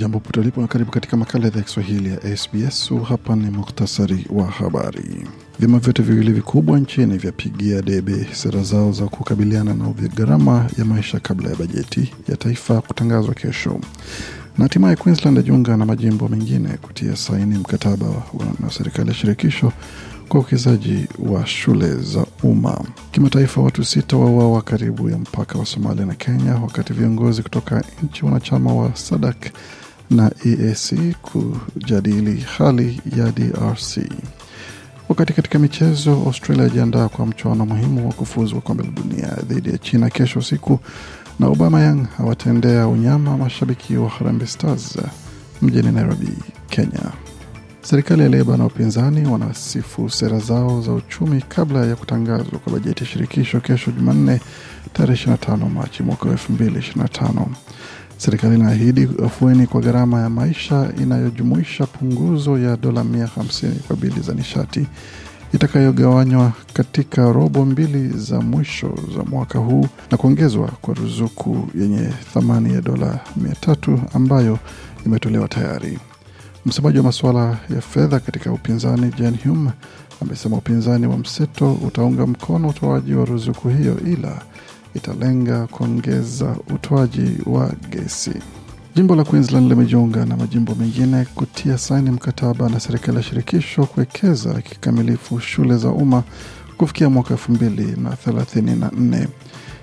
Jambo pote lipo na karibu katika makala idhaa ya Kiswahili ya SBS. Hapa ni muktasari wa habari. Vyama vyote viwili vikubwa nchini vyapigia debe sera zao za kukabiliana na gharama ya maisha kabla ya bajeti ya taifa kutangazwa kesho, na hatimaye Queensland yajiunga na majimbo mengine kutia saini mkataba na serikali ya shirikisho kwa uwekezaji wa shule za umma. Kimataifa, watu sita wauawa karibu ya mpaka wa Somalia na Kenya, wakati viongozi kutoka nchi wanachama wa SADAK na EAC kujadili hali ya DRC. Wakati katika michezo, Australia ajiandaa kwa mchuano muhimu wa kufuzu kombe la dunia dhidi ya China kesho usiku, na obama Yang awatendea unyama mashabiki wa Harambee Stars mjini Nairobi, Kenya. Serikali ya Leba na upinzani wanasifu sera zao za uchumi kabla ya kutangazwa kwa bajeti ya shirikisho kesho Jumanne tarehe 25 Machi mwaka 2025. Serikali inaahidi afueni kwa gharama ya maisha inayojumuisha punguzo ya dola 150 kwa bili za nishati itakayogawanywa katika robo mbili za mwisho za mwaka huu na kuongezwa kwa ruzuku yenye thamani ya dola 300 ambayo imetolewa tayari. Msemaji wa masuala ya fedha katika upinzani Jan Hume amesema upinzani wa mseto utaunga mkono utoaji wa ruzuku hiyo ila italenga kuongeza utoaji wa gesi. Jimbo la Queensland limejiunga na majimbo mengine kutia saini mkataba na serikali ya shirikisho kuwekeza kikamilifu shule za umma kufikia mwaka elfu mbili na thelathini na nne.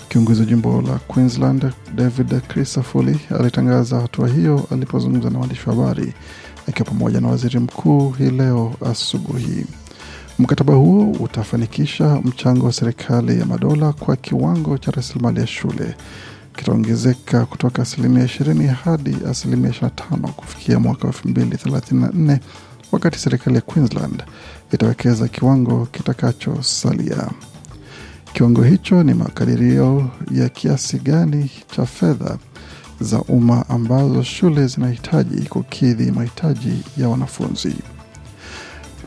Kiongozi wa jimbo la Queensland David Crisafulli alitangaza hatua hiyo alipozungumza na waandishi wa habari akiwa pamoja na waziri mkuu hii leo asubuhi. Mkataba huo utafanikisha mchango wa serikali ya madola kwa kiwango cha rasilimali ya shule kitaongezeka kutoka asilimia 20 hadi asilimia 25 kufikia mwaka 2034 wakati serikali ya Queensland itawekeza kiwango kitakachosalia. Kiwango hicho ni makadirio ya kiasi gani cha fedha za umma ambazo shule zinahitaji kukidhi mahitaji ya wanafunzi.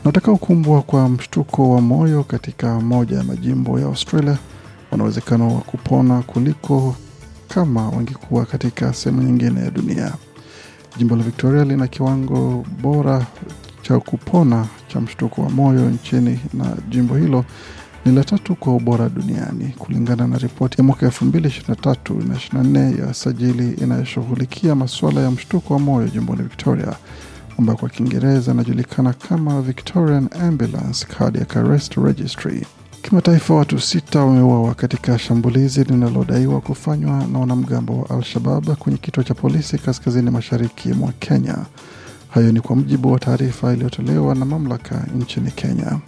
Nataka ukumbwa kwa mshtuko wa moyo katika moja ya majimbo ya Australia wana uwezekano wa kupona kuliko kama wangekuwa katika sehemu nyingine ya dunia. Jimbo la Victoria lina kiwango bora cha kupona cha mshtuko wa moyo nchini na jimbo hilo ni la tatu kwa ubora duniani kulingana na ripoti ya mwaka 2023 na 24 ya sajili inayoshughulikia masuala ya mshtuko wa moyo jimboni Victoria kwamba kwa Kiingereza inajulikana kama Victorian Ambulance Cardiac Arrest Registry. Kimataifa, watu sita wameuawa katika shambulizi linalodaiwa kufanywa na wanamgambo wa Al-Shabab kwenye kituo cha polisi kaskazini mashariki mwa Kenya. Hayo ni kwa mujibu wa taarifa iliyotolewa na mamlaka nchini Kenya.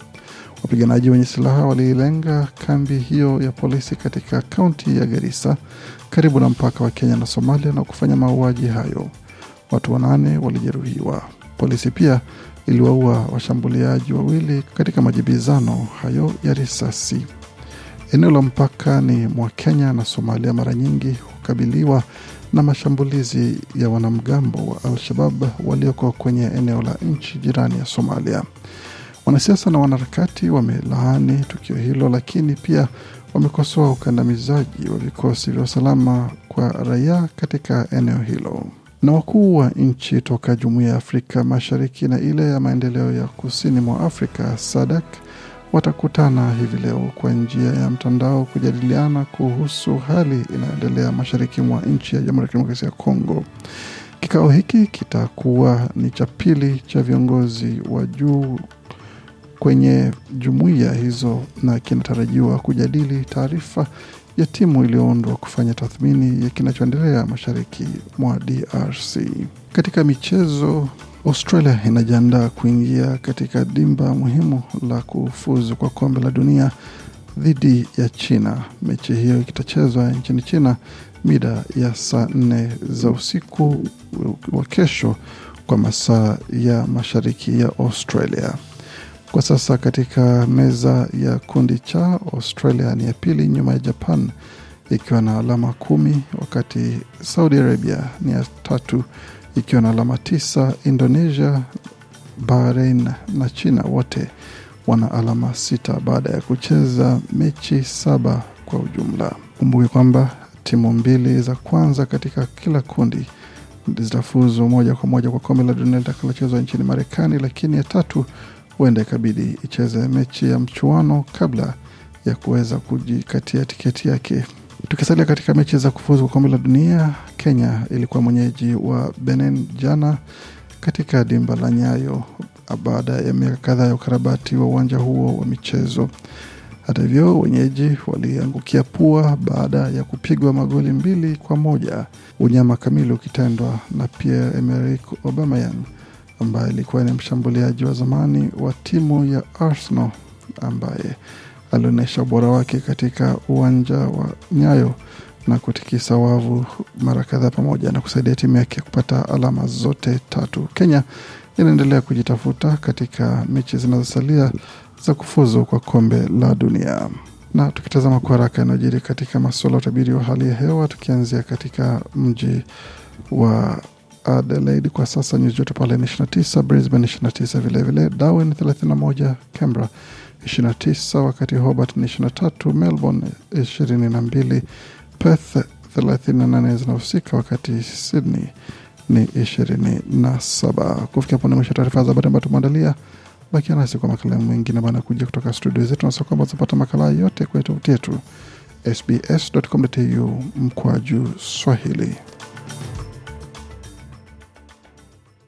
Wapiganaji wenye silaha waliilenga kambi hiyo ya polisi katika kaunti ya Garissa karibu na mpaka wa Kenya na Somalia na kufanya mauaji hayo. Watu wanane walijeruhiwa. Polisi pia iliwaua washambuliaji wawili katika majibizano hayo ya risasi. Eneo la mpakani mwa Kenya na Somalia mara nyingi hukabiliwa na mashambulizi ya wanamgambo wa Al-Shabab walioko kwenye eneo la nchi jirani ya Somalia. Wanasiasa na wanaharakati wamelaani tukio hilo, lakini pia wamekosoa ukandamizaji wa vikosi vya usalama kwa raia katika eneo hilo na wakuu wa nchi toka Jumuiya ya Afrika Mashariki na ile ya maendeleo ya kusini mwa Afrika SADAK watakutana hivi leo kwa njia ya mtandao kujadiliana kuhusu hali inayoendelea mashariki mwa nchi ya Jamhuri ya Kidemokrasia ya Kongo. Kikao hiki kitakuwa ni cha pili cha viongozi wa juu kwenye jumuiya hizo na kinatarajiwa kujadili taarifa ya timu iliyoundwa kufanya tathmini ya kinachoendelea mashariki mwa DRC. Katika michezo, Australia inajiandaa kuingia katika dimba muhimu la kufuzu kwa kombe la dunia dhidi ya China. Mechi hiyo ikitachezwa nchini China mida ya saa nne za usiku wa kesho kwa masaa ya mashariki ya Australia. Kwa sasa katika meza ya kundi cha Australia ni ya pili nyuma ya Japan ikiwa na alama kumi, wakati Saudi Arabia ni ya tatu ikiwa na alama tisa. Indonesia, Bahrain na China wote wana alama sita baada ya kucheza mechi saba kwa ujumla. Kumbuke kwamba timu mbili za kwanza katika kila kundi zitafuzu moja kwa moja kwa kombe la dunia litakalochezwa nchini Marekani, lakini ya tatu huenda ikabidi icheze mechi ya mchuano kabla ya kuweza kujikatia tiketi yake. Tukisalia katika mechi za kufuzu kwa kombe la dunia, Kenya ilikuwa mwenyeji wa Benin jana katika dimba la Nyayo baada ya miaka kadhaa ya ukarabati wa uwanja huo wa michezo. Hata hivyo, wenyeji waliangukia pua baada ya kupigwa magoli mbili kwa moja, unyama kamili ukitendwa na Pierre Emerick Aubameyang ambaye alikuwa ni mshambuliaji wa zamani wa timu ya Arsenal ambaye alionyesha ubora wake katika uwanja wa Nyayo na kutikisa wavu mara kadhaa pamoja na kusaidia timu yake kupata alama zote tatu. Kenya inaendelea kujitafuta katika mechi zinazosalia za kufuzu kwa kombe la dunia. Na tukitazama kwa haraka yanayojiri katika masuala ya utabiri wa hali ya hewa, tukianzia katika mji wa Adelaide kwa sasa nyuzi joto pale ni 29, Brisbane 29 vile vilevile, Darwin 31, Canberra 29, wakati Hobart ni 23, Melbourne 22, Perth 38 zinahusika, wakati Sydney ni 27. Kufikia punde mwisho taarifa za habari ambayo tumeandalia. Bakia nasi kwa makala mwingine bana kuja kutoka studio zetu, nasa kwamba zapata makala yote kwenye tovuti yetu sbs.com.au mkwaju Swahili.